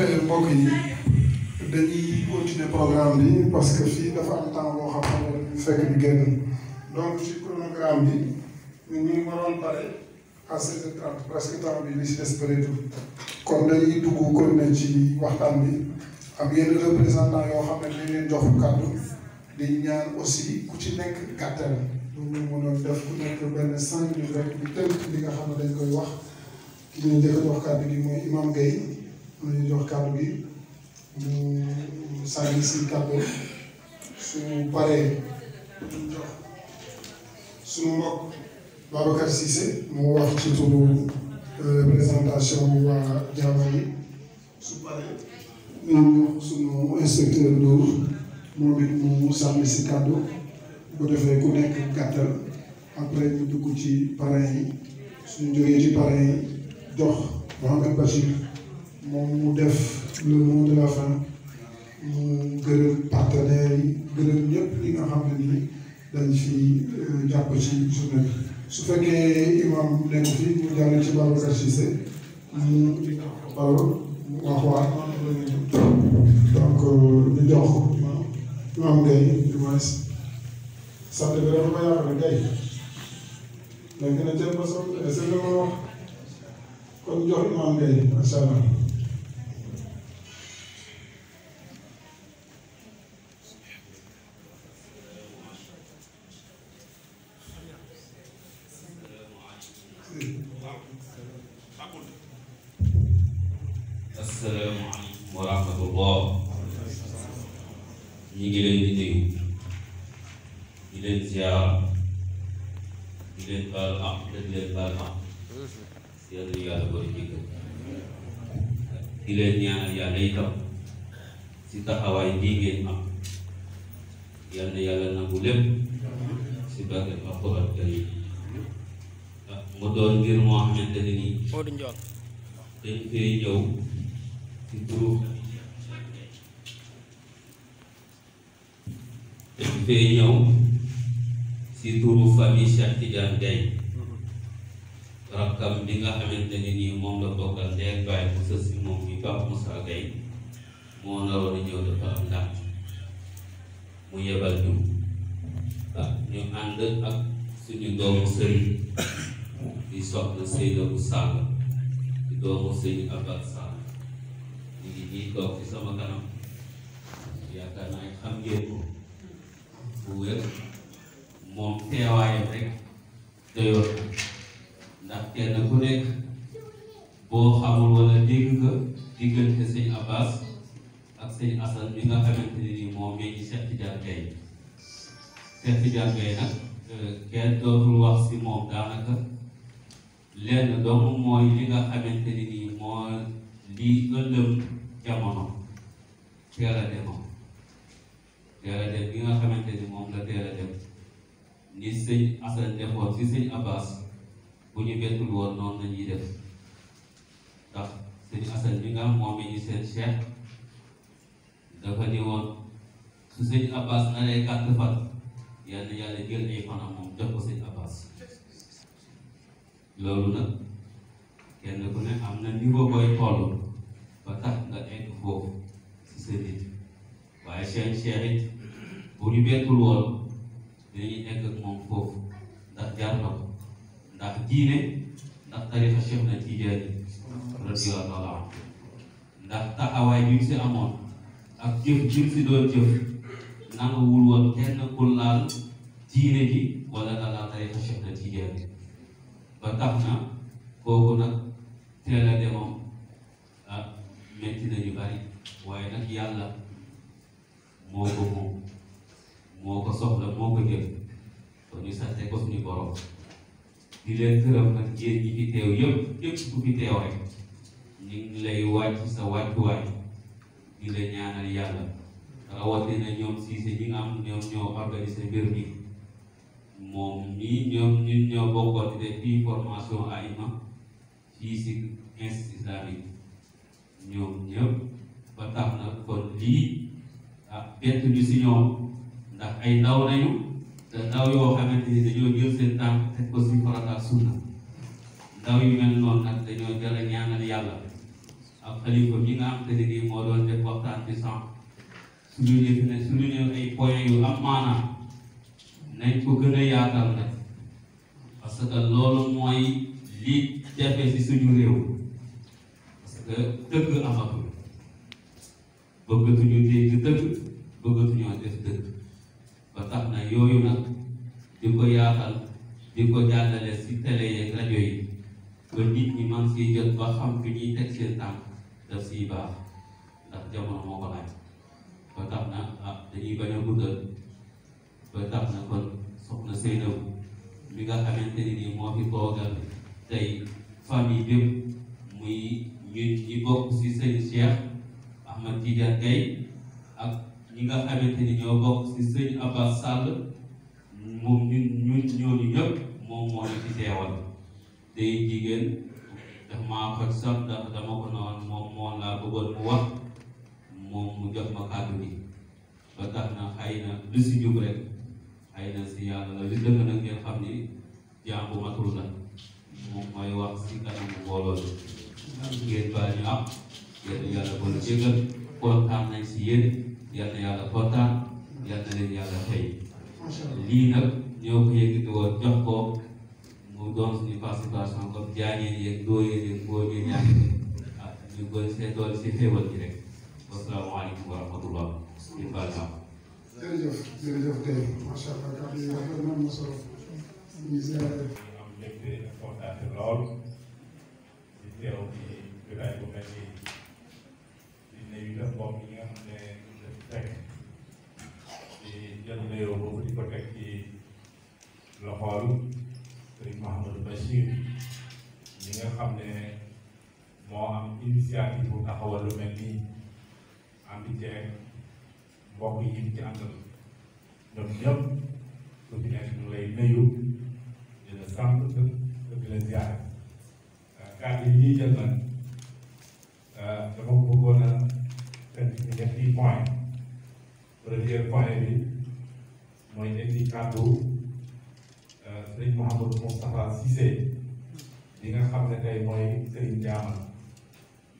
defee mbokk yi dañuy continuer programme bi parce que fii dafa am temps boo xam ne fekk ñu bi ñun ñu ngi waroon pare à 16 presque temps bi li si des bëreetul kon dañuy dugg kon ci waxtaan bi am yenn représentant yoo xam ne dañ leen jox kàddu di ñaan aussi ku ci nekk gàttal pour ñu mënoon def ku nekk benn cinq minutes rek ñu tënk li nga xam ne dañ koy wax ki ñu njëkk jox kàddu gi mooy Imam Gueye. ñu jox kàddu gi ñu sànni si kàddu suñu paree jox suñu mbokk Babacar Cissé wax ci turu représentation euh, waa Diama yi su paree ñu suñu inspecteur Ndour moom it mu sànni si kàddu bu defee ku nekk gàttal après ñu dugg ci parrain yi suñu jógee ci parrain yi jox Mouhamed moom mu def le mot de la fin mu gërëm partenaires yi gërëm ñëpp li nga xam ne nii dañ fi euh, jàpp ci journée bi su fekkee fi mu jàll ci Babacar Cissé mu wax waat donc euh, ñu jox imam Gueye du moins sant bi dafa ma yaakaar ne Gueye léegi nag jël ba soxla c'est le wax kon jox imam Gueye macha allah yi ngeen yal na yàlla nangu lépp si barke alquran karim mu doon ngir moo xamante ne nii dañ fee ñëw ci turu dañ si turu famille Cheikh Tidiane Gaye mhm. rakkam bi nga xamante moom la bokkal ndey baay mu sës si moom bi Pape Moussa Gaye moo naroon di ñëw dafa am ndànk mu yebal ñu waaw ñu ànd ak suñu doomu sëriñ di soxna Seydou Sall di doomu sëriñ Abbas Sall ñu ngi nii toog ci sama kanam yaakaar naa xam ngeen ko bu wér moom teewaayam rek doyoon ndax kenn ku nekk boo xamul wala dégg nga diggante sëñ Abbas sëñ Assane bi nga xamante ne moom ngi ci Cheikh Tidiane Gaye Cheikh Tidiane eh, nag kenn dootul wax si moom daanaka lenn doomu mooy li nga xamante ne moo lii ëllëm jamono teel a demoon dem bi nga xamante ni moom la teel dem ni sëñ Assane defoon si sëñ Abbas bu ñu bettul woon noonu la ñuy def sëñ Assane bi nga moom ñu seen Cheikh dafa ni woon su Abbas na lay gàtt fan yal na yàlla jël ay fanam moom Abbas loolu nag ku ne am na niveau booy toll ba tax nga egg foofu si sa nit waaye seen cheikh it bu ñu bettul woon dinañu egg ak moom foofu ndax jar na ko ndax diine ndax tarixa Cheikh na ak jëf jim si doon jëf nanguwul woon kenn ku laal ji wala nga laal tarixa Cheikh na ba tax na kooku nag teel a demoom ah métti nañu bari waaye nag yàlla moo ko moom moo ko soxla moo ko jël kon ñu sante ko suñu borom di leen gërëm nag yéen ñi fi teew yëpp yëpp ku fi teew di la ñaanal yàlla rawatina ñoom siise ñi nga am ñoom ñoo organisé mbir mi moom mii ñoom ñun ñoo bokkoon di def formation AIMA fii si institut islamique ñoom ñëpp ba tax na kon lii ah bett bi si ñoom ndax ay ndaw nañu te ndaw yoo xamante ni dañoo jël seen tànk teg ko si farata sunna ndaw yu mel noonu nag dañoo jël ñaanal yàlla ak xalifa nga xam te ne nii moo doon ci sànq suñu ñëw ne suñu ñëw ay yu am maanaam nañ ko gën yaatal nag parce que loolu mooy li jafe ci suñu réew parce que dëgg amatul bëggatuñu dégg dëgg bëggatuñoo def dëgg ba tax na yooyu nag di ko yaatal di ko jàllale ci télé yeeg rajo ba nit ñi man siy jot ba xam fi ñuy teg seen tànk daf siy baax ndax jamono moo ko laaj ba tax na ah dañuy bañ guddal ba tax na kon soxna Seynabu mi nga xamante ni nii moo fi toogal tey famille bépp muy ñun ñi bokk si sëñ Cheikh Ahmad Tidiane Gaye ak ñi nga xamante ni ñoo bokk si sëñ Abbas Sall moom ñun ñun ñooñu ñëpp moom moo ñu ci teewal day jigéen daf maa xoj sax ndax dama ko noon moom moom laa bëggoon mu wax moom mu jox ma kàddu gi ba tax na xëy na lu si jub rek xëy na si yàlla la li dëgg nag ngeen xam ni jàmbu matul la moom mooy wax si kanamu mbooloo bi ngeen baal ñu am yéen yàlla boole jégal kontaan nañ si yéen yal na yàlla kontaan yal na leen yàlla fay lii nag ñoo ko yëkkati woon jox ko mu doon suñu participation comme jaayeen yeeg dooyeen yeeg booyeen ñaax ah ñu gën see dool si xéewal gi rek wasalaamaaleykum wa rahmatullah ñu baal naa. jërëjëf jërëjëf tey macha allah kàddu yi wax dëgg am na solo ñu ziare. am mbégte ak kontaante lool di teew ci jotaay bu mel nii di nuyu def bopp yi nga xam ne daf teg di jël nuyoo boobu di ko teg ci loxool. Serigne Mahamadou Bachir ñi nga xam ne moo am initiative bu taxawal lu mel nii àndi ceeg mbokk yi ci àndal ñoom ñëpp ku ci nekk ñu lay nuyu di la sant di la ziar euh, kàddu yi ñuy jël nag euh, dafa ko bëggoon a tënk ci ñetti point premier point bi mooy indi kàddu sëriñ Mouhamadou Moustapha Cissé li nga xam ne tey mooy sëriñ jaamal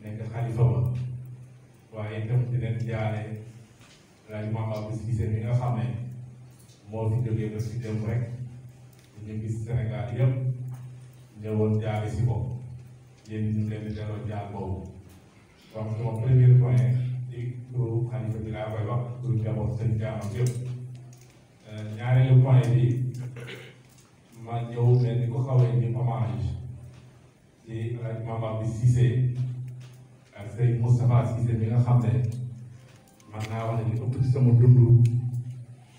nekk xalifa ba waaye itam di leen jaale laaj Mouhamadou Cissé mi nga xam ne moo fi jógee ba fi dem rek ñu gis Sénégal yëpp ñëwoon jaale si ko yéen ñu leen di delloo jaar boobu donc sama premier point di turu xalifa bi laa koy wax turu njaboot sëriñ jaamal yëpp euh, ñaareelu point bi man ñëw mel ni ko xawee ni hommage ci alaaji Mamba bi Cissé ak sëñ Moustapha Cissé bi nga xam ne man naa wax ne li ëpp ci sama dund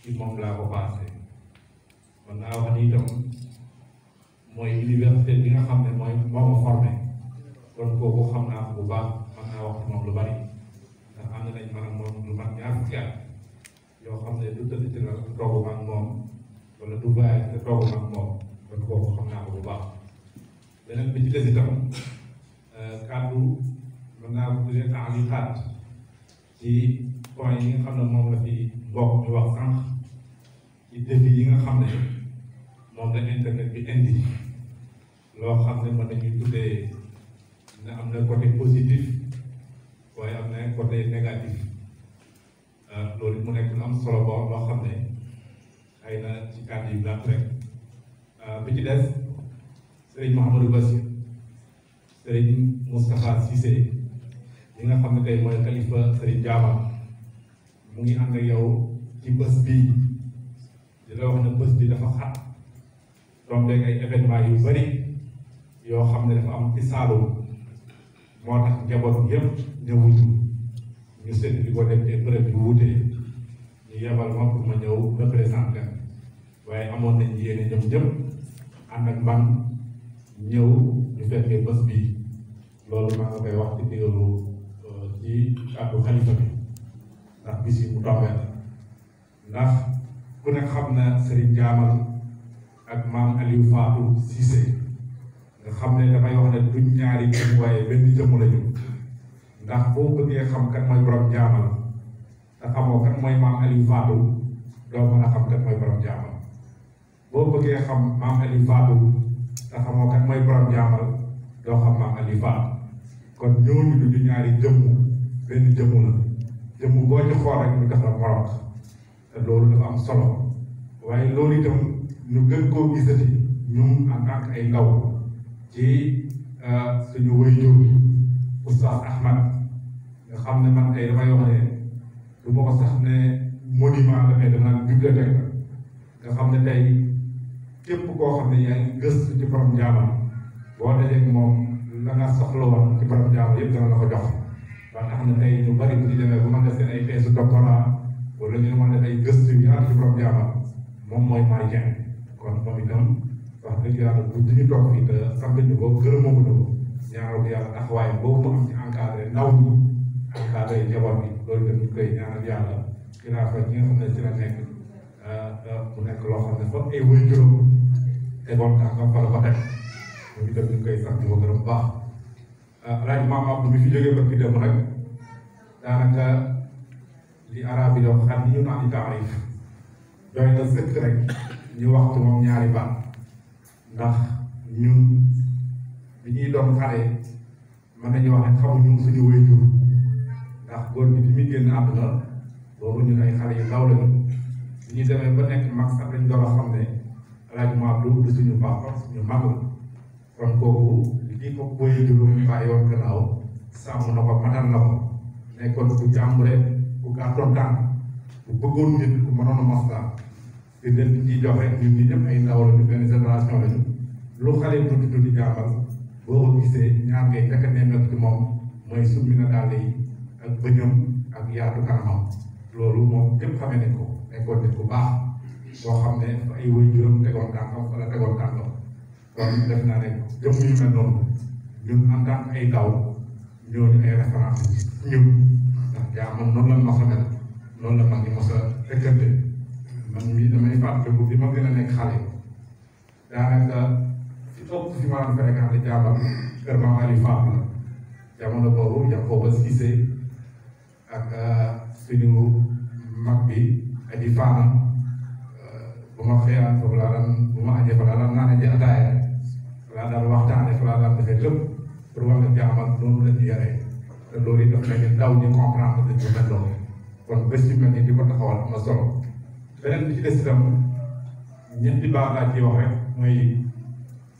ci moom laa ko man naa wax ni itam mooy université bi nga xam ne mooy moo ma formé kon kooku xam naa ko man naa wax moom lu bari ndax ànd nañ maanaam moom lu mat ñaar fukki xam ne lu tëdd ci la toogu ak moom wala Touba nga toog ak moom kon kooku xam naa ko bu baax beneen bi ci des itam euh, kàddu mën naa ko tuddee temps yu xaat ci point yi nga xam ne moom la fi mbokk ñu wax sànq ci défi yi nga xam ne moom la internet bi indi loo xam ne mën nañuy tuddee na am na côté positif waaye am na côté négatif euh, loolu mu nekk lu am solo boo loo xam ne. xëy na ci kàddu yu rek euh, bi ci des Serigne Mouhamadou Bassir Serigne Moustapha Cissé li nga xam ne tey mooy kalifa Serigne Diaba mu ngi ànd ak yow ci bés bii di la wax bi dafa xat tombeeg ay événement yu bari yoo xam ne dafa am ci Saloum moo tax njaboot yépp ñëwul ñu seet di ko def épreuve bu wutee ñu yebal ma pour ma ñëw représenté waaye amoon nañ yéene ñoom ñëpp ànd ak man ñëw ñu fekkee bés bi loolu maa nga koy wax ci digalu euh, ci kàddu xalifa bi ndax bis yi mu la ndax ku ne xam na Serigne Jaamal ak maam Aliou Fatou Cissé nga xam ne dafay wax ne duñ ñaari jëm waaye benn jëmm la ñu ndax boo bëggee xam kan mooy borom Jaamal te xamoo kan mooy maam Aliou Fatou doo mën a xam kan mooy borom Jaamal boo bëggee xam maam Aliou Fatou te xamoo kat mooy borom jaamal doo xam maam Aliou Fatou kon ñooñu du ñu ñaari jëmm benn jëmm la jëmm boo ci xool rek ñu def la morom loolu dafa am solo waaye loolu itam ñu gën koo gisati ñun en tant ay ndaw ci euh, suñu waajur Oustaz Ahmad nga xam ne man tey damay wax ne du ma ko sax ne monument la mais dama naan bibliothèque la nga xam ne tey képp koo xam ne yaa ngi gëstu ci borom jaamam boo dajee moom la nga soxla woon ci borom jaamam yëpp dana la jox ba tax na tey ñu bari bu ñu demee bu ma def seen ay a def ay gëstu yu yaatu ci ko gërëmoo ko ñaanal ko yàlla taxawaay boobu mu am ci encadré ndaw ñi encadré njaboot bi loolu itam ñu koy ñaanal yàlla dinaa fa ñi nga mu nekk loo xam ne ba ay wëy juróom te bon daa nga fala ko teg koy sant ko gërëm baax rajo ah, maam mi fi jógee ba fi dem rek daanaka li arab na sëkk ñu waxtu moom ñaari baat ndax ñun bi ñuy doon xale mën nañu wax ne xamuñu suñu wëy jur ndax góor bi bi muy génn àdduna boobu ñun ay xale yu ndaw lañu bi ñu demee nekk mag sax dañ doon xam ne alaaj mu abdu du suñu papa suñu mag la kon kooku lii ko booy juróom bàyyoon gannaaw sàmm na ko matal na ko nekkoon ku jàmbure ku gàttoon tànk ku bëggoon nit ku mënoon a maslaa te den bi ciy joxe ñun ñi ñëpp ay ndaw la ñu benn génération lañu lu xale tuuti tuuti jàmbal boo ko gisee ñaar ngay fekk nemmeeku ci moom mooy summi na daal yi ak bëñam ak yaatu kanamam loolu moom képp xamee nañ ko nekkoon nit ku baax soo xam ne ay waajuram tegoon tànkam wala naa ne jëmm yu noonu ñun en ay taw ñooñu ay référence ñun ndax noonu la mos a mel noonu la mag ñi mos a fekkante man mii damay fàttaliku bi ma nekk xale daanaka ci topp fi ma fréquenté jaabar kër Maam Ali Fall la jamono boobu Yankhoba Cissé ak euh, suñu mag bi aji faam eh, bu ma xëyaan foofu laa daan bu ma añee fa laa daan naan aji fa laa daan waxtaane fa laa daan defee lépp pour wax ak jaam ak noonu la ñu yaree loolu itam dañu ndaw ñu comprendre dañ ko mel noonu kon bés yu mel nii di ko taxawal am na solo beneen bi ci des itam ñetti baax laa ciy wax rek mooy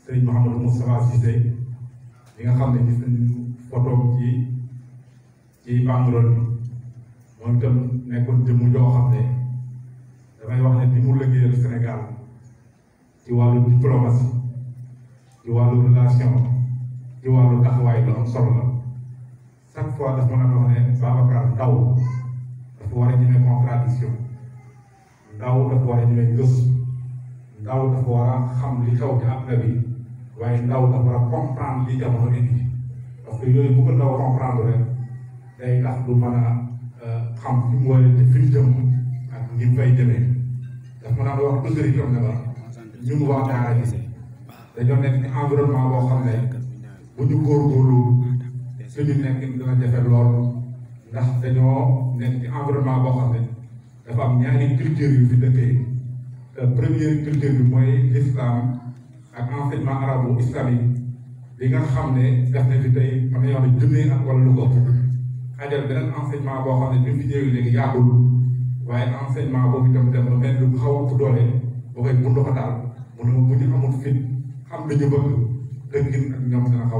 Serigne Mouhamadou Moustapha Cissé li nga xam ne gis nañu photo ci ci banderole bi moom itam nekkoon jëmm joo xam ne damay wax ne ni mu liggéeyal Sénégal ci wàllu diplomatie ci wàllu relation ci wàllu taxawaay lu am solo la chaque fois daf mën a doon ne Babacar ndaw dafa war a ñemee contradiction ndaw dafa war a ñemee gëstu ndaw dafa war a xam li xew ci àdduna bi waaye ndaw dafa war a comprendre li jamono indi parce que yooyu bu ko ndaw comprendre rek day tax du mën a euh, xam fi mu war a fi mu jëm bi mu fay demee daf ma daan wax dëgg yi tam ne ma ñun waa daara yi dañoo nekk environnement boo xam ne bu ñu góorgóorlu suñu nekk dina jafe lool ndax dañoo nekk environnement boo xam ne dafa am ñaari culture yu fi dëkkee te première culture bi mooy l'islam ak enseignement arabo islamique li nga xam ne daf ne fi tey mën na yoon junnee ak wala lu ko xajal beneen enseignement boo xam ne ñu fi ñëwee léegi yàggul waaye enseignement boobu itam dem ba mel ni xaw a doole boo koy bund ko daal mu ne bu ñu amul fit xam dañu bëgg dëggin ak ñoom dina a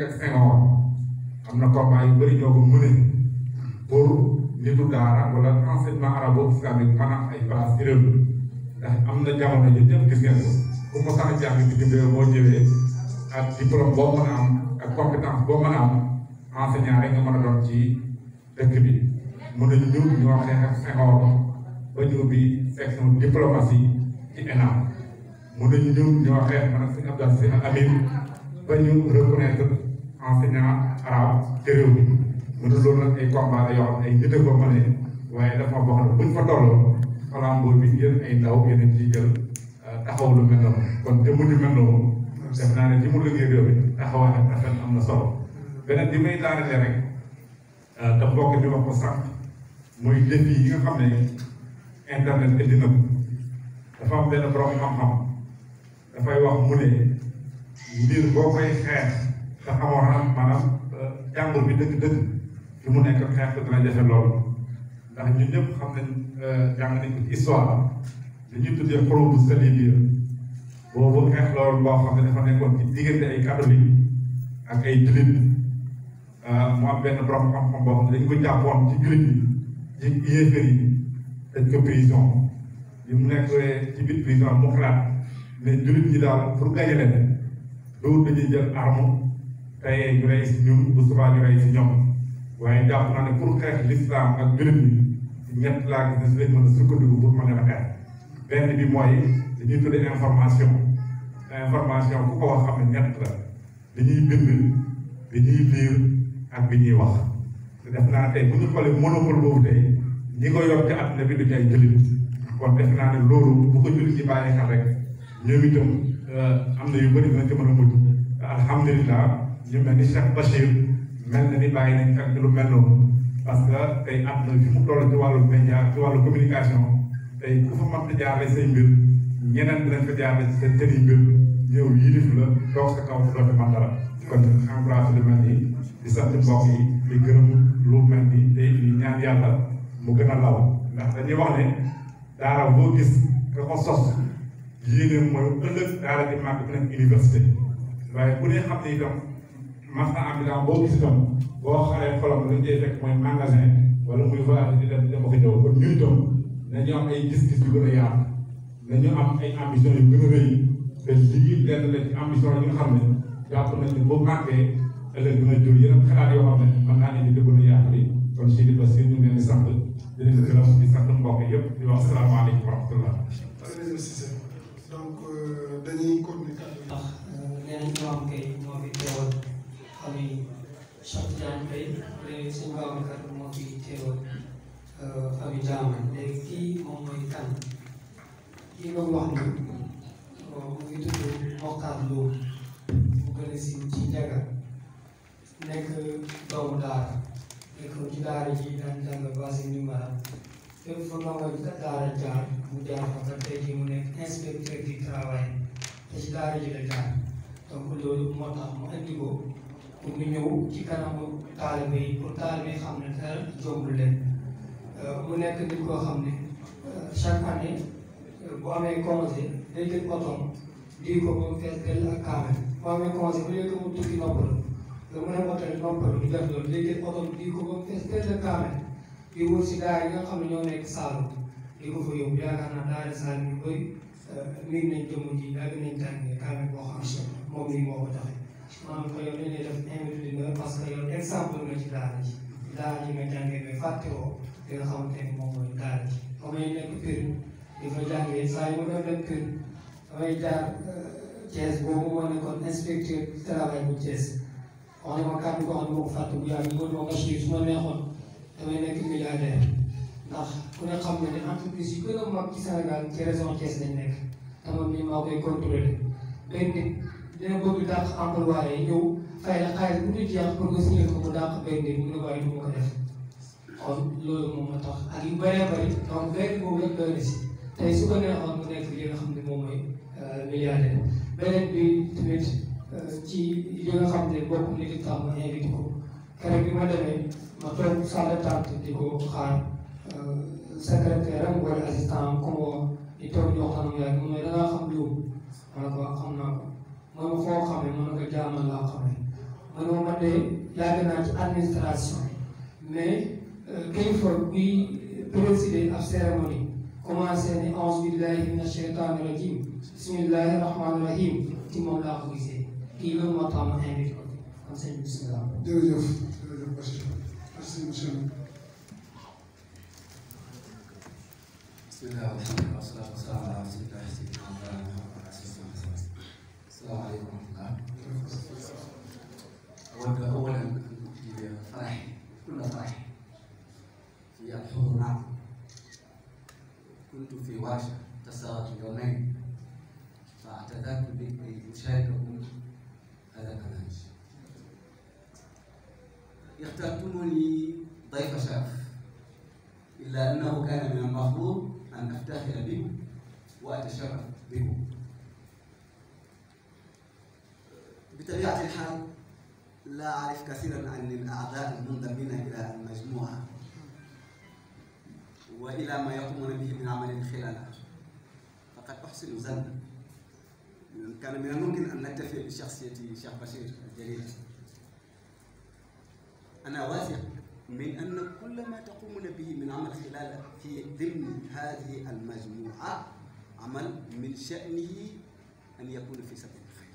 jafe moom na combat yu am a am boo mën a am enseignant rek nga mën a doon ci dëkk bi mën nañu ñëw ñoo xeex ak Senghor ba ñëw bi section diplomatie ci ENAM mën nañu ñëw ñoo xeex man ak sëñ ba ñu reconnaître enseignant arabe ci réew mi mën na loolu nag ay combat la yoo xam ay nit a ko waaye dafa bokk na buñ fa tolloo xalaamboo bi yéen ay ndaw yéen a ciy jël euh, taxaw lu mel noonu kon jëmm ju mel noonu def naa ne ci mu liggéey réew mi taxawaay ak rafet am na solo beneen bi may daanale rek Euh, te mbokk bi wax ko sànq muy yi nga xam ne internet indi na ko dafa am benn borom xam-xam dafay wax mu ne mbir boo koy xeex te xamoon na maanaam euh, jàngur bi dëgg-dëgg fi mu nekk xeex te dana jafe loolu ndax ñun ñëpp xam nañ euh, jàng nañ ko ci histoire li ñuy tuddee xolu bu sali biir boobu xeex loolu boo xam ne dafa nekkoon ci diggante ay catholique ak ay jullit Euh, mu am benn borom xam-xam boo dañ ko jàppoon ci jullit yi ci yéefar yi dañ ko prison li mu nekk ci biir prison mu xalaat ne jullit ñi daal pour gañe leen loolu dañuy jël arme tey ñu rey si ñun bu subaa ñu si ñoom waaye jàpp naa ne pour xeex l'islam ak jullit ñi ñett laa gis ne si lañ mën a sukkandiku pour mën a xeex benn bi mooy dañuy tuddee information information ku ko wax xam ne ñett la dañuy bind dañuy lire ak bi ñuy wax te def naa tey bu ñu xoolee monopole boobu tey ñi ko yor ci àdduna bi du ñu ay kon def naa ne loolu bu ko jullit ñi bàyyi xel rek euh, na yu bëri dina ci mën a mujj te alhamdulilah ñu mel ni Cheikh Bachir na ni bàyyi nañ ak lu mel noonu parce tey am na fi mu toll ci wàllu média ci wàllu communication tey ku fa mënta jaarale say mbir ñeneen dinañ fa jaarale ci seen tëri mbir ñëw yilif la toog sa kaw si doote man dara kon encourage lu mel nii di sant mbokk yi di gërëm lu mel ni tey ñu ñaan yàlla mu gën a law ndax dañuy wax ne daara boo gis nga ko sos yéene mooy ëllëg daara di màgg nekk université waaye bu dee xam ne itam mas na am itam boo gis itam boo xaree xolam lañ dee fekk mooy magasin wala muy voyage di dem di dem ak ñëw kon ñun itam nañu am ay gis-gis yu gën a yaatu nañu am ay yu gën a rëy te lii lenn la ci ambition yi nga xam ne jàpp nañ ne boo màggee ëllëg dina jur yeneen xalaat yoo xam ne mën naa indi dëgg lu yaatu li kon si di Basiir ñu ngi leen di sant di leen gërëm di sant mbokk yëpp di wax salaamaaleykum wa rahmatullah. donc euh, dañuy continuer kàddu yi. ndax ñeneen ñoo am kay ñoo fi teewal xam ni Cheikh Tidiane Faye léegi sëñ Babacar moo fi teewal xam ni jaama léegi kii moom mooy kan kii doon wax ni mu ngi tudd Mokhtar Lo mu gën a si ci Ndiaga nekk doomu daara nekk ci daara ji daan jàng basi numéro fépp fa ndongo ji daara jaar mu jaar fa ba tey jii mu nekk inspecteur du travail te ci daara ji la jaar donc loolu moo tax mu indi ko pour ñu ñëw ci kanamu taalibe yi pour taalibe yi xam ne dara jomb leen euh, mu nekk nit koo xam ne euh, chaque année euh, bu amee congé day jël otoom di ko ba mu fees dell ak kaamel bu amee congé bu nekk mu tukki noppal nga mën a mottali noppal du def loolu léegi oto bi ko ba fees teel a kaame di wër si daara yi nga xam ne ñoo nekk Saalum di ko fa yóbbu yaakaar naa daara Saalum yu bëri miin nañ jëmm ji yàgg nañ jàngee kaame boo xam ne moom mii moo ko taxe maanaam ko yow dañuy def invité d'honneur parce que yow exemple nga ci daara ji daara ji nga jàngee mais fàtte woo li nga xamante ne moom mooy daara ji comme ñu nekk kër di fa jàngee saa yu ma doon dem kër damay jaar Thiès boobu moo nekkoon inspecteur travail bu Thiès wax na ma kàddu goo xam ne moo ko fàtte bu yàgg góor ma machine su ma neexoon damay nekk milliardaire ndax ku ne xam na ne entreprise yu gën a mag ci Sénégal ci région Thiès lañ nekk dama ni maa koy contrôlé benn nit dina bëgg dàq employé yi ñëw fay la xaalis bu ñu jeex pour nga signé ko mu dàq benn nit mu ne waaye du ma ko def kon loolu moom ma tax ak yu bëree bëri donc benn boobu rek doy na si tey su ko neexoon mu nekk li nga xam ne moom mooy euh, milliardaire beneen bi tamit. ci li nga xam ne bokk na ci tàmm ñu ko keroog bi ma demee ma toog salle tànt di ko xaar euh, secrétaire am wala assistant am comme woo di toog di waxtaan ak yàlla mooy da ngaa xam lu wala ko xam naa ko man foo xamee man ko jaamal laa xamee man moom man de yàgg naa ci administration mais euh, kilifa bi présider ab cérémonie commencé ni auzu billahi mina shaytaani rajim bismillahi rahmaani rahim ci moom laa ko gisee kii loolu moo tax ma invité ko kon sëñ bi bisimilah. jërëjëf jërëjëf Bachir merci monsieur le maire. bisimilah wa rahmatulah wa salaam wa rahmatulah. شخصية شيخ بشير الجليل أنا واثق من أن كل ما تقومون به من عمل خلال في ضمن هذه المجموعة عمل من شأنه أن يكون في سبيل الخير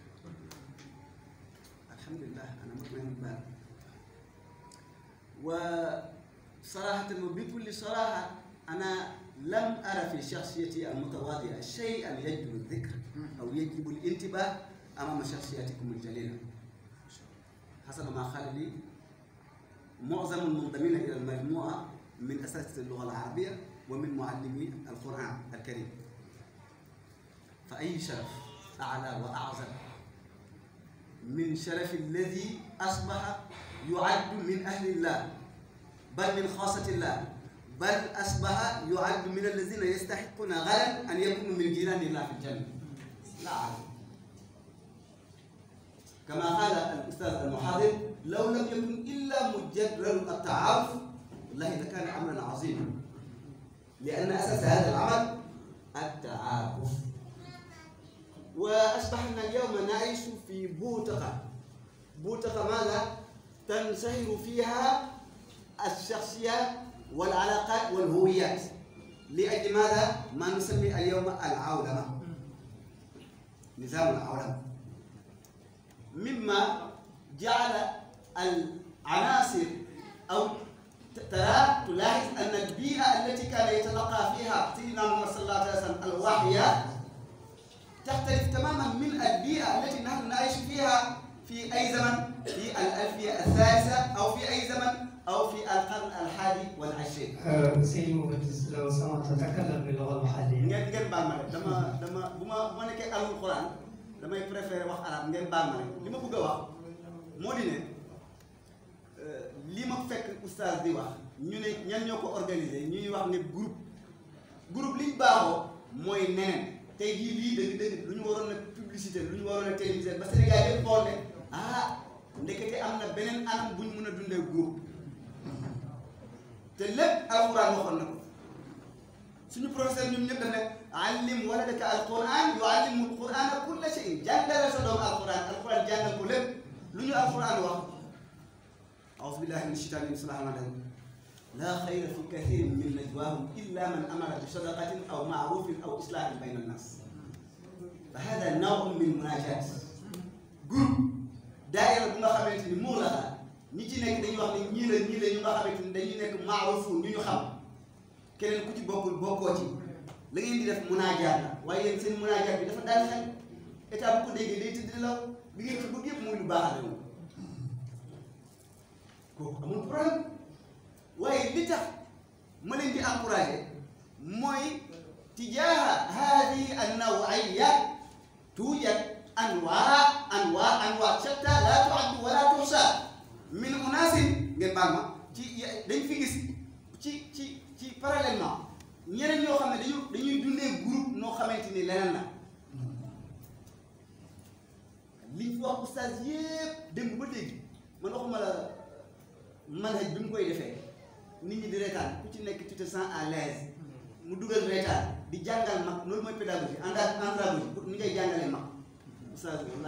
الحمد لله أنا مطمئن بها وصراحة وبكل صراحة أنا لم أرى في شخصيتي المتواضعة شيئا يجب الذكر أو يجب الانتباه amama shakhsiyatikum aljalila hasaba ma xaala li mu'zamul mundamina ila almajmua min asatida alluga alarabia wa min muallimi alquran alkarim fa ay sharaf ala wa azam min sharafi alladi asbaha yuaddu min ahlillah bal min xaasatillah bal asbaha yuaddu min alladina yastaxiquna galan an yakunu min jiranillah fi ljanna la كما قال الاستاذ المحاضر لو لم يكن الا مجرد التعارف والله لكان امرا عظيما لان اساس هذا العمل التعارف واصبحنا اليوم نعيش في بوتقه بوتقه ماذا تنسهر فيها الشخصيه والعلاقات والهويات لاجل ماذا ما نسمي اليوم العولمه نظام العولمه مما جعل العناصر أو ترى تلاحظ أن البيئة التي كان يتلقى فيها سيدنا محمد صلى الله عليه وسلم الوحي تختلف تماما من البيئة التي نحن نعيش فيها في أي زمن في الألفية الثالثة أو في أي زمن أو في القرن الحادي والعشرين. سيدي مفتش لو سمحت تتكلم باللغة المحلية. دما دما بما بما القرآن damay préféré wax arab ngeen baal ma li ma bëgg a wax moo di ne euh, li ma fekk oustaz di wax ñu ne ñan ñoo ko organisé ñuy wax ne groupe groupe liñ baaxoo mooy neneen te jii lii dëgg dëgg lu ñu waroon a publicité lu ñu waroon a télévisé ba Sénégal yëpp xool ne ah ndekete am na beneen anam bu ñu mën a dundee groupe te lépp alxuraan waxoon na ko suñu professeur ñoom ñëpp da nekk علم ولدك القرآن يعلمه القرآن كل شيء جنgal sa doom alquran alquran jàngal ko lépp lu ñu alquran wax أعوذ بالله من الشيطان الرجيم بسم الله الرحمن الرحيم لا خير في كثير من نجواهم إلا من أمر بصدقة أو معروف أو إصلاح بين الناس فهذا نوع من مناجاة groupe daayira bu nga xamante ni moo la ñi ci nekk dañuy wax ne ñii la ñii la ñu nga xamante ni dañuy nekk maarufu ñu ñu xam keneen ku ci bokkul bokkoo ci la ngeen di def munaajaat la waaye yéen seen munaajaat bi dafa daal xel état bu ko déggee day tëdd law li ngeen ci bëgg yëpp mooy lu baax la kooku amul problème waaye li tax ma leen di encouragé mooy tijaaha haadihi annawaiya tuujat anwaa anwaa anwaa shatta laa tuaddu wala tuxsa min unaasin ngeen baal ma ci dañ fi gis ci ci ci parallèlement oustaz yépp démb ba léegi man ma la manhaj bi mu koy defee nit ñi di reetaan ku ci nekk tu te sens à mu dugal reetaan di jàngal mag loolu mooy pédagogie en andragogie pour ni ngay jàngalee mag fi loxoom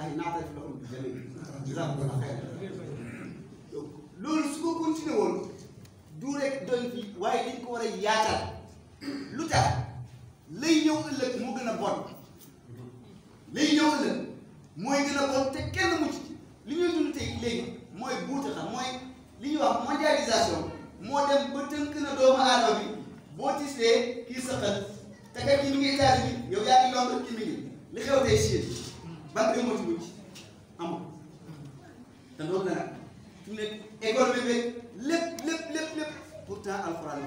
du jamais loolu su ko continué woon du rek doon fii waaye dañ ko war a yaatal lu tax lay ñëw ëllëg moo gën a bon lay ñëw ëllëg mooy gën a bon te kenn mucc ci li ñuy dund tey mooy buuta xam mooy li ñuy wax mondialisation moo dem ba tënk na doomu aadama bi boo tislee kii saqal te kat kii mi ngi États-Unis yow yaa ngi Londres kii mi ngi li xew tey Chine ban réew moo ci mucc amul te loolu la nag fi mu ne école bi beeg lépp lépp na lépp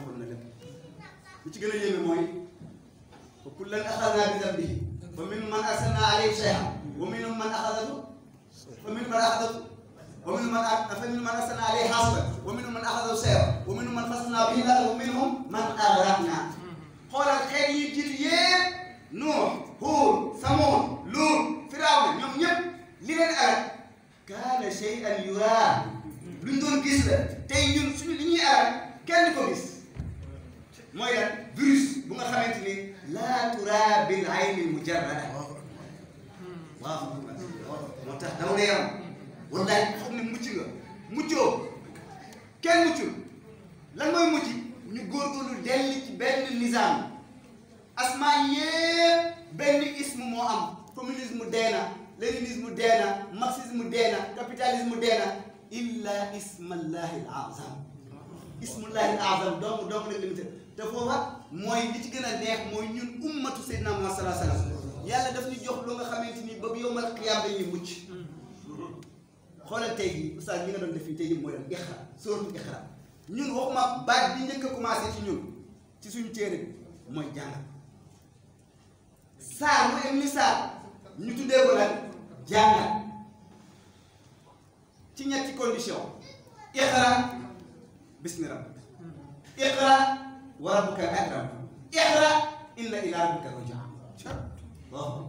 lu ci gën a man arsalnaa alayhi sayhan ومنهم من أخذته ومنهم من أخذته ومنهم من فمنهم من أرسلنا عليه حاصبا ومنهم من أخذه سيرا ومنهم من خسفنا به الأرض ومنهم من أغرقنا xoolal xeet yi jiitu yépp Nuux Huud Samuud Luut Firawna ñoom ñëpp li leen alal kaana shay'an yuraa luñ doon gis la tey ñun suñu li ñuy alal kenn ko gis mooy lan virus bu nga xamante ni laa turaa bil ayni mujarrada waaw moo tax dama lay yaram wallaay foog mucc nga muccoo kenn muccul lan mooy mucc ñu góorgóorlu delli ci benn nizaam asmaa yépp benn isme moo am communisme dee na léninisme dee na marxisme dee na capitalisme dee na illa ismallahi al doomu doomu la limité te foofa mooy li ci gën a neex mooy ñun ummatu seydina Muhammad sallallahu alayhi wa sallam yàlla daf ñu jox loo nga xamante ni ba bu yombal xiyaam dañuy mucc xoolal tey jii oustaz li nga doon def fii tey jii mooy dem Iqra sóoratu Iqra ñun waxuma baat bi nëkk a commencé ci ñun ci suñu téere bi mooy jàngat saar mu am ni saar ñu tuddee ko nag jàngat ci ñetti condition Iqra bismi rabbik Iqra wa rabbuka al-akram Iqra inna ila rabbika rujaa waaw oh,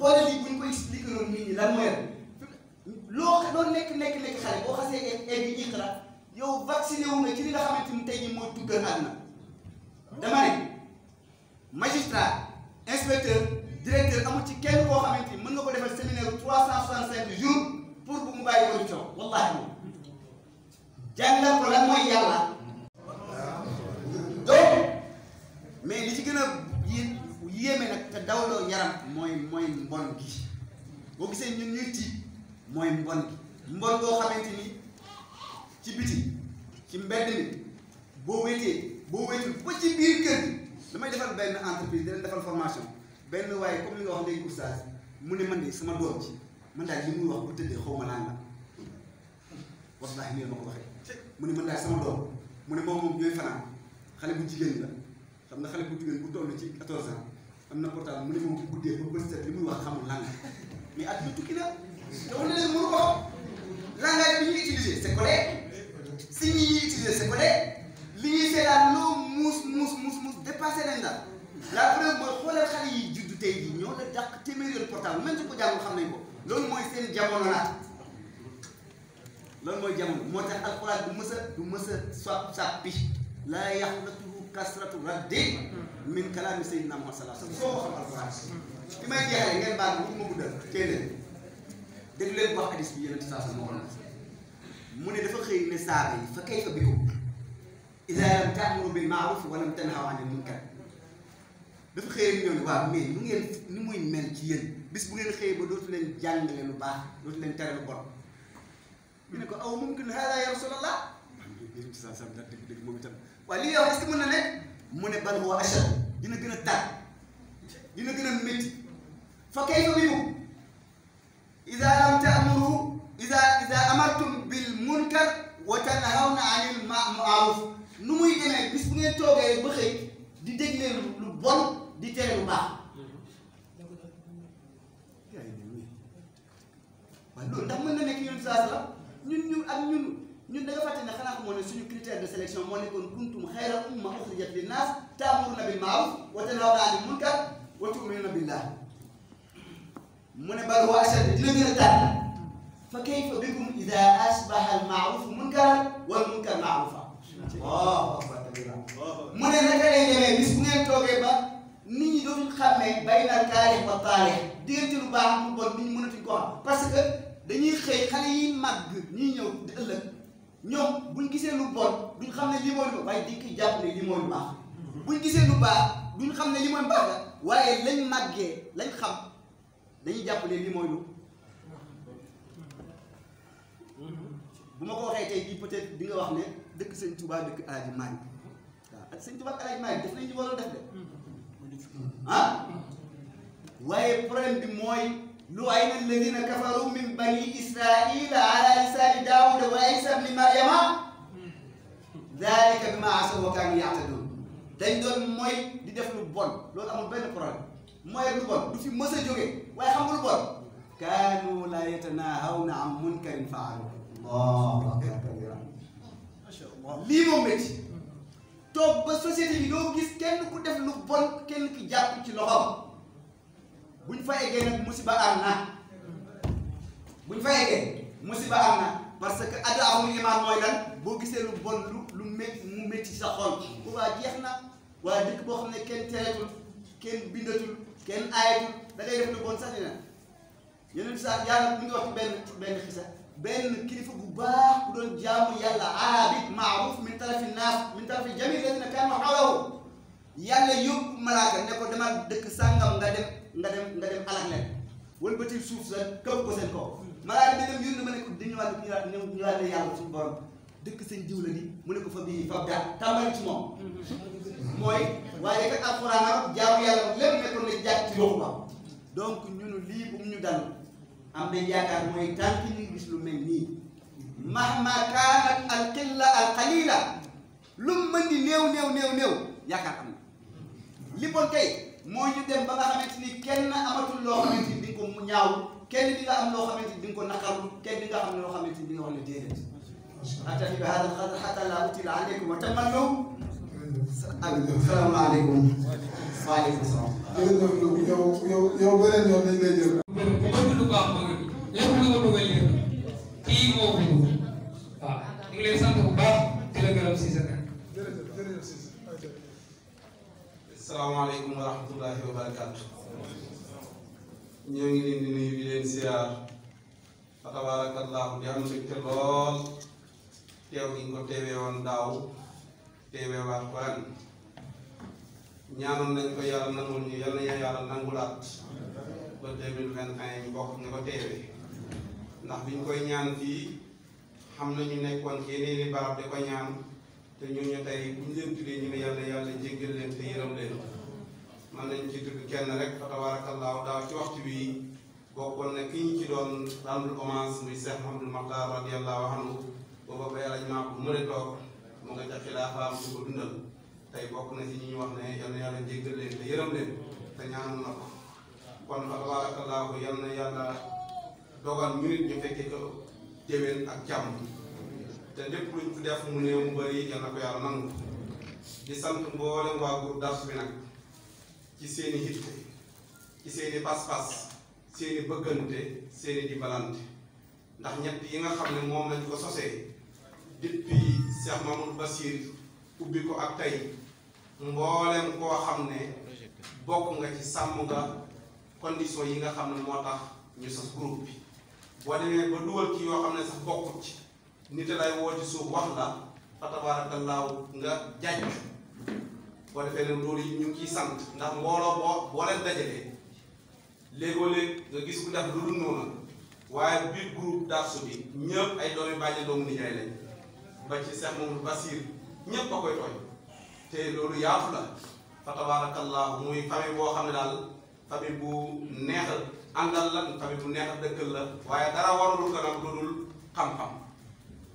xoolal lii bu ko expliqué woon nit ñi lan mooy loo loo nekk nekk nekk xale boo xasee egg iqra yow vacciné wu nga ci li nga xamante ni tey jii mooy tukkal àdduna benn waaye comme li nga wax léegi oustaz mu ne man de sama doom ci man daal li muy wax bu tëddee xaw ma lan la wax naa nii ma ko waxee mu ne man daal sama doom mu ne moom moom ñooy fanaan xale bu jigéen la xam nga xale bu jigéen bu toll ci 14 ans am na portable mu ne moom bu guddee ba bët set li muy wax xamul lan mais at bi tukki na te wane leen mënu ko langage bi ñuy utiliser c'est collègue si ñuy utiliser c'est collègue li ñuy seetaan loo muus muus muus muus la preuve mooy xoolal xale yi juddu tey jii ñoo la dàq téeméeri yoon portable même su ko jàngul xam nañ ko loolu mooy seen loolu mooy jamono moo tax alxuraan du mës a du mës a sap sappi laa yaxlatuhu kasratu raddi min kalaami sayyidina Muhammad sallallahu alayhi wasallam soo xam alxuraan li may jeexale ngeen baal ma ma guddal téeméer dégg leen wax hadis bi yonent saa moo xam mu ne dafa xëy ne saaba yi fa kayfa bikum idaa lam ta'muru bil ma'ruf wa lam tanhaw anil munkar dafa xëy ak ñoom waaw mais nu ngeen ni muy mel ci yéen bis bu ngeen xëyee ba dootu leen jàngale lu baax dootu leen tere lu bon. ñu ne ko aw mumkin hada ya rasulallah. yéen ci saa saa daal dëgg dëgg moom na nekk mu ne bal huwa dina gën a tar dina gën a métti fa kayfa bikum ida lam ta'muru ida ida amartum bil munkar wa tanhawna anil ma'ruf nu muy demee bis bu ngeen toogee ba xëy di déglee lu bon. di tere bu baax waaye loolu ndax mën na nekk yoon saa salaam ñun ñu ak ñun ñun da nga fàtte ne xanaa moo ne suñu critère de sélection kuntum xayra umma uxrijat linnaas taamuruna bil maaruf wa tanhawna anil munkar wa tu'minuna billah mu ne bal huwa ashad dina a bikum ida asbaha al maaruf munkaran wal munkar maarufa. waaw waaw waaw mu ne naka lay demee nit ñi doon xàmmee bay na taarix ba taarix diggante lu baax lu bon nit ñi mënatuñ ko xam parce que dañuy xëy xale yi màgg ñuy ñëw di ëllëg ñoom buñ gisee lu bon duñ xam ne lii mooy lu waaye di ki jàpp ne gisee lu baax duñ xam ne lii mooy baax la waaye lañ màggee lañ xam dañuy jàpp ne lii mooy lu bu ma ko waxee tey jii peut-être nga wax ne dëkk sëñ Touba dëkk Alaaji Maalik waaw ak sëñ Touba ak Alaaji Maalik def nañ ñu waroon def de ah waaye problème bi mooy lu ayna alladina kafaru min bani israila ala lisani daawuda wa isa bni maryama dalika bima asaw wa kaanu yaatadun dañ doon mooy di def lu bon loolu amul benn problème mooy lu bon du fi mës a jógee waaye xam nga lu bon kaanu la yatanahawna an munkarin faalu allahu akbar lii moom métti toog ba société bi doo gis kenn ku def lu bon kenn ki jàpp ci loxoom buñ fa eggee nag musiba am na buñ fa eggee musiba am na parce que adda amul imaan mooy lan boo gisee lu bon lu lu mét mu métti sa xol bu baa jeex na waaye dëkk boo xam ne kenn teretul kenn bindatul kenn aayatul da ngay def lu bon sax dina yeneen sa yàlla mu ngi wax ci benn benn xisa benn kilifa bu baax doon jaamu yàlla aabid maaruf min tarafi naas min tarafi jami lazina kaanu xawlaw yàlla yóbbu malaaka ne ko demal dëkk sàngam nga dem nga dem nga dem alak leen suuf sa këpp ko seen kaw malaaka bi dem yónni ma ne ko di ñëwaat di ñëwaat ne yàlla suñu borom dëkk seen jiw la di mu ne ko fa bii fa daal tàmbali ci moom mooy waaye kat alxuraan jaamu yàlla lépp nekkoon ne jàpp ci loxu ba donc ñunu ñu dal am nañ yaakaar mooy tànk ñuy gis lu mel nii mahma kaanat al qilla lu mu mën di néew néew néew néew yaakaar am li bon tey moo ñu dem ba nga xamante ni kenn amatul loo xamante ni di nga ko ñaaw kenn di am loo xamante ni di nga ko naqaru kenn di nga xam loo xamante ni di nga wax waaleykum salaam. jërëjëf Louga yow yow yow beneen yoon dañ lay jël. bëgg lu baax bëgg lépp lu nga bëgg a lire kii moo ko bëgg waaw ñu ngi lay sant bu baax di la gërëm si sa kan. jërëjëf jërëjëf si sa. salaamaaleykum wa rahmatulahi wa barakaatu. ñoo ngi leen di nuyu di leen siyaar fa tabaarakallaahu di am mbégte lool teew gi ñu ko teewee woon daaw teewee waat ko ren. ñaanoon nañ ko yàlla nangul ñu yàlla nañu yàlla nangulaat ba deux mille vingt et un bokk ñu ko teewee ndax biñ koy ñaan fii xam nañu ñu ne yàlla yàlla jéggal leen te leen man nañ ci tudd ci waxtu bokkoon na ki ñu ci doon rendul commence muy Cheikh Mouhamadou Makhtar radiyallahu anhu booba ba yàlla ñu maa ko mën a toog mu nga ca xilaafaam su ko dundal tey bokk na ci ñi ñu wax ne yal na yàlla jéggal leen te yërëm leen te ñaanal na ko kon fa tabaarakallaahu yal na yàlla dogal ñu ñu fekkee ko déwén ak jàmm te lépp luñ def mu néew mu bëri yal na ko yàlla nangu di sant mboolem waa groupe Darou bi nag ci seeni yitte ci seeni pas-pas seeni bëggante seeni dimbalante ndax ñett yi nga xam ne moom lañ ko sosee depuis Cheikh Mamadou Bassir ubbi ko ak tey mboolem koo xam ne bokk nga ci sàmm nga condition yi nga xam ne moo tax ñu sax groupe bi boo demee ba dugal ci yoo xam ne sax bokkut ci nit a lay woo ci suuf wax la fa tabaarakallaahu nga jàjj boo defee leen loolu yi ñu ngi ciy sant ndax mbooloo boo boo leen dajalee léegoo léeg nga gis ku def lu dul noonu waaye biir groupe darsu bi ñëpp ay doomi bàjje doomu nijaay lañ ba ci Seex Mamadu Basiir ñëpp koy tooñ te loolu yaatu la fa tabaarakallaahu muy famille boo xam ne daal famille bu neexal àndal la famille bu neexal dëkkal la waaye dara warul ko nag lu dul xam-xam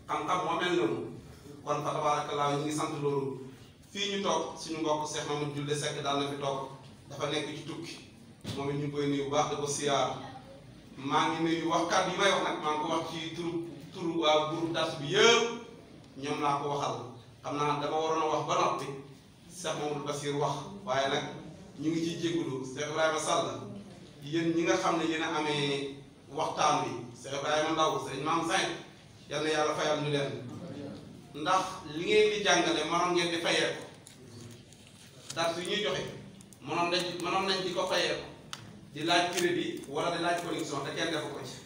xam-xam moo mel noonu kon fa tabaarakallaahu ñu ngi sant loolu fii ñu fi toog dafa nekk ci tukki moom it ñu koy nuyu bu baax da ko siyaar maa ngi nuyu waxkat yi may wax nag maa ngi ko wax ci turu turu waa groupe tas bi yëpp ñoom laa ko waxal xam naa dama waroon a wax ba noppi Cheikh Mamadou Bassir wax waaye nag ñu ngi ciy jégalu Cheikh Ibrahima Sall yéen ñi nga xam ne yéen a amee waxtaan wi Cheikh Ibrahima Ndaw sëriñ Maam Sayn yal na yàlla fayal ñu leen ndax li ngeen di jàngale mënoon ngeen di fayee ko dars ñuy joxe mënoon nañ mënoon nañ di ko fayee ko di laaj crédit wala di laaj connexion te kenn defu ko ci.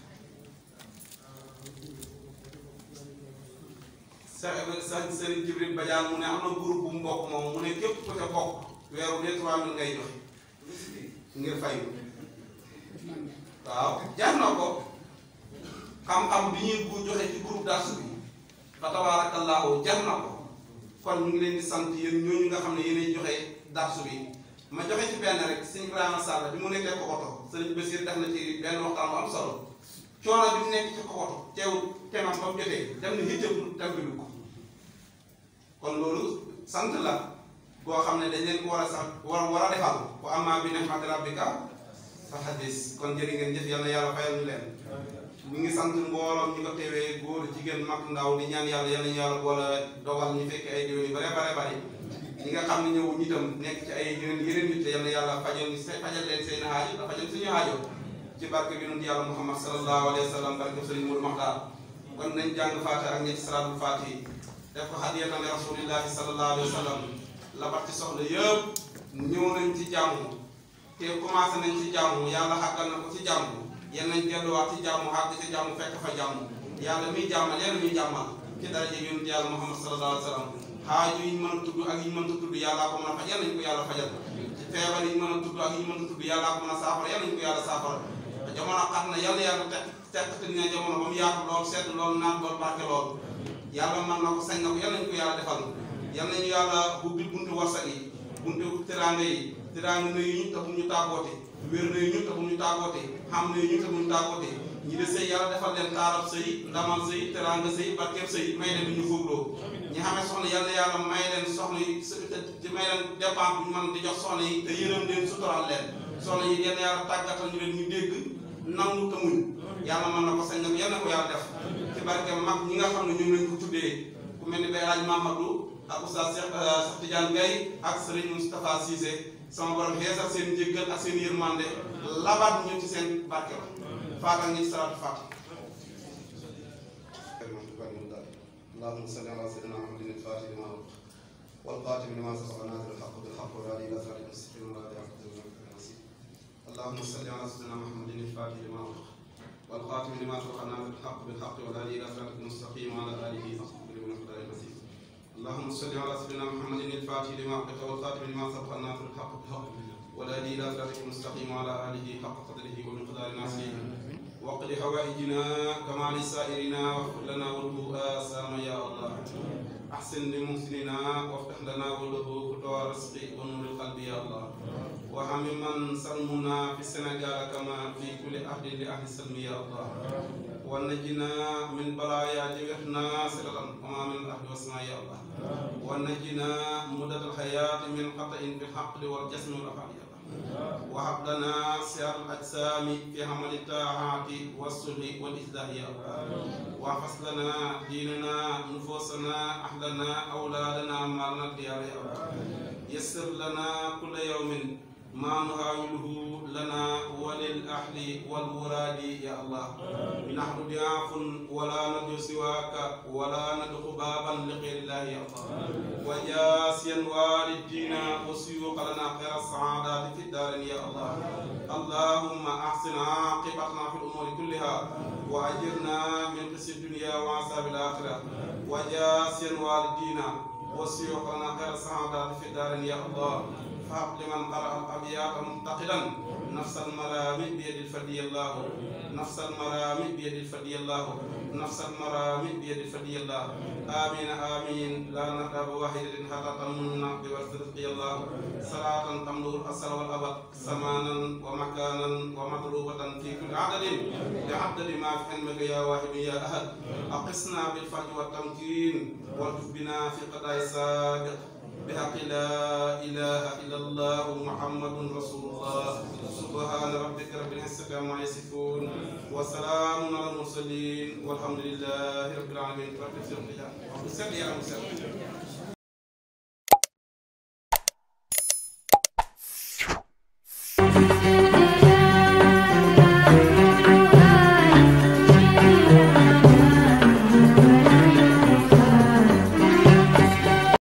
sa sa Serigne Jibril Badiane mu ne am na groupe bu mu moom mu ne képp ku ca bokk weeru ne trois mille ngay joxe ngir fay waaw jar na ko xam-xam bi ñuy bu joxe ci groupe bi ñu nga xam ne bi ma joxe ci benn rek sëñ mu nekkee Kokoto sëriñ Basiir def nekk ci Kokoto teewul temam ba mu jotee dem na hijab tam ko kon loolu sant la boo xam ne dañ leen ko war a sax war war a defal wa amma bi ni'mati rabbika fa hadis kon jërë ngeen jëf yàlla yàlla fayal ñu leen ñu ngi sant mbooloom ñu ko teewee góor jigéen mag ndaw di yàlla yàlla ñu yàlla boole dogal ñu fekk ay déwén yu bare bare bari ci ay yeneen yeneen yàlla yàlla fajal ñu fajal leen seen suñu aajo ci barke bi nun yàlla muhammad sallallahu alayhi wa sallam barke sëriñ Mourou Maxtaar kon nañ jàng faata ak def ko hadiyatan li rasulillahi sallallahu alayhi wa sallam labat ci soxla yëpp ñëw nañ ci jàmm te commencé ci jàmm yàlla xàggal ko ci jàmm yéen nañ delluwaat ci jàmm xàgg ci daraja yonent yàlla muhammad sallallahu alayhi wa sallam xaaju yi ñu mën a tudd ak yi ñu mën a tudd yàllaa ko mën a faj yal nañu ko yàlla fajal feebar yi ñu mën a ak yi ñu mën a tudd a saafara yal nañu ko yàlla saafara jamono xat na yàlla yàlla te teqte ni na yàlla man na ko sañ na ko yal nañu ko yàlla defal yal yi na ñu taxul ñu tàggoote wér na yu ñu taxul ñu tàggoote xam na ñu taxul ñu de sëy bu ñu mën di jox soxna yi te yërëm yi yàlla yàlla tàggatal ñu ñu dégg nangu te muñ na ko sañ ko yal na ko yàlla def ci barke mag ñi nga xam ne ñoom lañ ko tuddee ku mel ni Baye Hadj Mamadou ak Oustaz Cheikh euh, Cheikh Tidiane Gaye ak Serigne Moustapha Cissé sama borom xeesal seen njëggal ak seen yërmande labaat ñu ci seen barke ba faatal ñu ci salaatu faat اللهم صل على سيدنا محمد الفاتح لما أغلق والقاتم لما سبق نازل الحق بالحق والهادي إلى صراط المستقيم ولا يعقد اللهم صل على سيدنا محمد الفاتح لما أغلق والخاتم لما سبقنا بالحق بالحق والهادي الى صراطك المستقيم وعلى اله وصحبه والمقدار المسيح اللهم صل على سيدنا محمد الفاتح لما اعطيت والخاتم لما سبق الناس بالحق بالحق والهادي الى صراطك المستقيم وعلى اله حق قدره والمقدار العظيم واقض حوائجنا كما لسائرنا واغفر لنا وارجو اسامة يا الله احسن لمحسننا وافتح لنا وله فتوى رزقي ونور القلب يا الله wa ami man salmuna fi Sénégal kama fi kulli ahdin li ahdi salmi ya Allah wa najjina min balaya jawihna silalan kama min ahdi wasma ya Allah wa najjina mudat alhayati min qata'in bil haqqi wal jasmi wal afali ya Allah wa hab lana siyar al ajsami fi amali taa'ati was-sulhi wal islahi ya Allah wa hfaz lana dinana nufusana ahlana awladana malana diyar ya Allah yassir lana kulla yawmin ما نهاجله لنا وللأهل والوراد يا الله نحن ضعاف ولا ندعو سواك ولا ندعو بابا لغير الله يا الله وجاسيا والدينا وسيوق لنا خير السعادات في الدار يا الله اللهم أحسن عاقبتنا في الأمور كلها وأجرنا من قسم الدنيا وعذاب الآخرة وجاسيا والدينا وسيوق لنا خير السعادات في الدار يا الله فهب لمن قرأ الأبيات منتقدا نفس المرام بيد الفدي الله نفس المرام بيد الفدي الله نفس المرام بيد الفدي الله آمين آمين لا نقرب واحد حتى تمنى بوصدقي الله صلاة تملو الأسر والأبد زمانا ومكانا ومطلوبة في كل عدد بعدد ما في علمك يا واحد يا أحد أقسنا بالفرج والتمكين والتف بنا في قضايا سابق بحق لا إله إلا الله محمد رسول الله سبحان ربك رب العزة عما يصفون وسلام على المرسلين والحمد لله رب العالمين.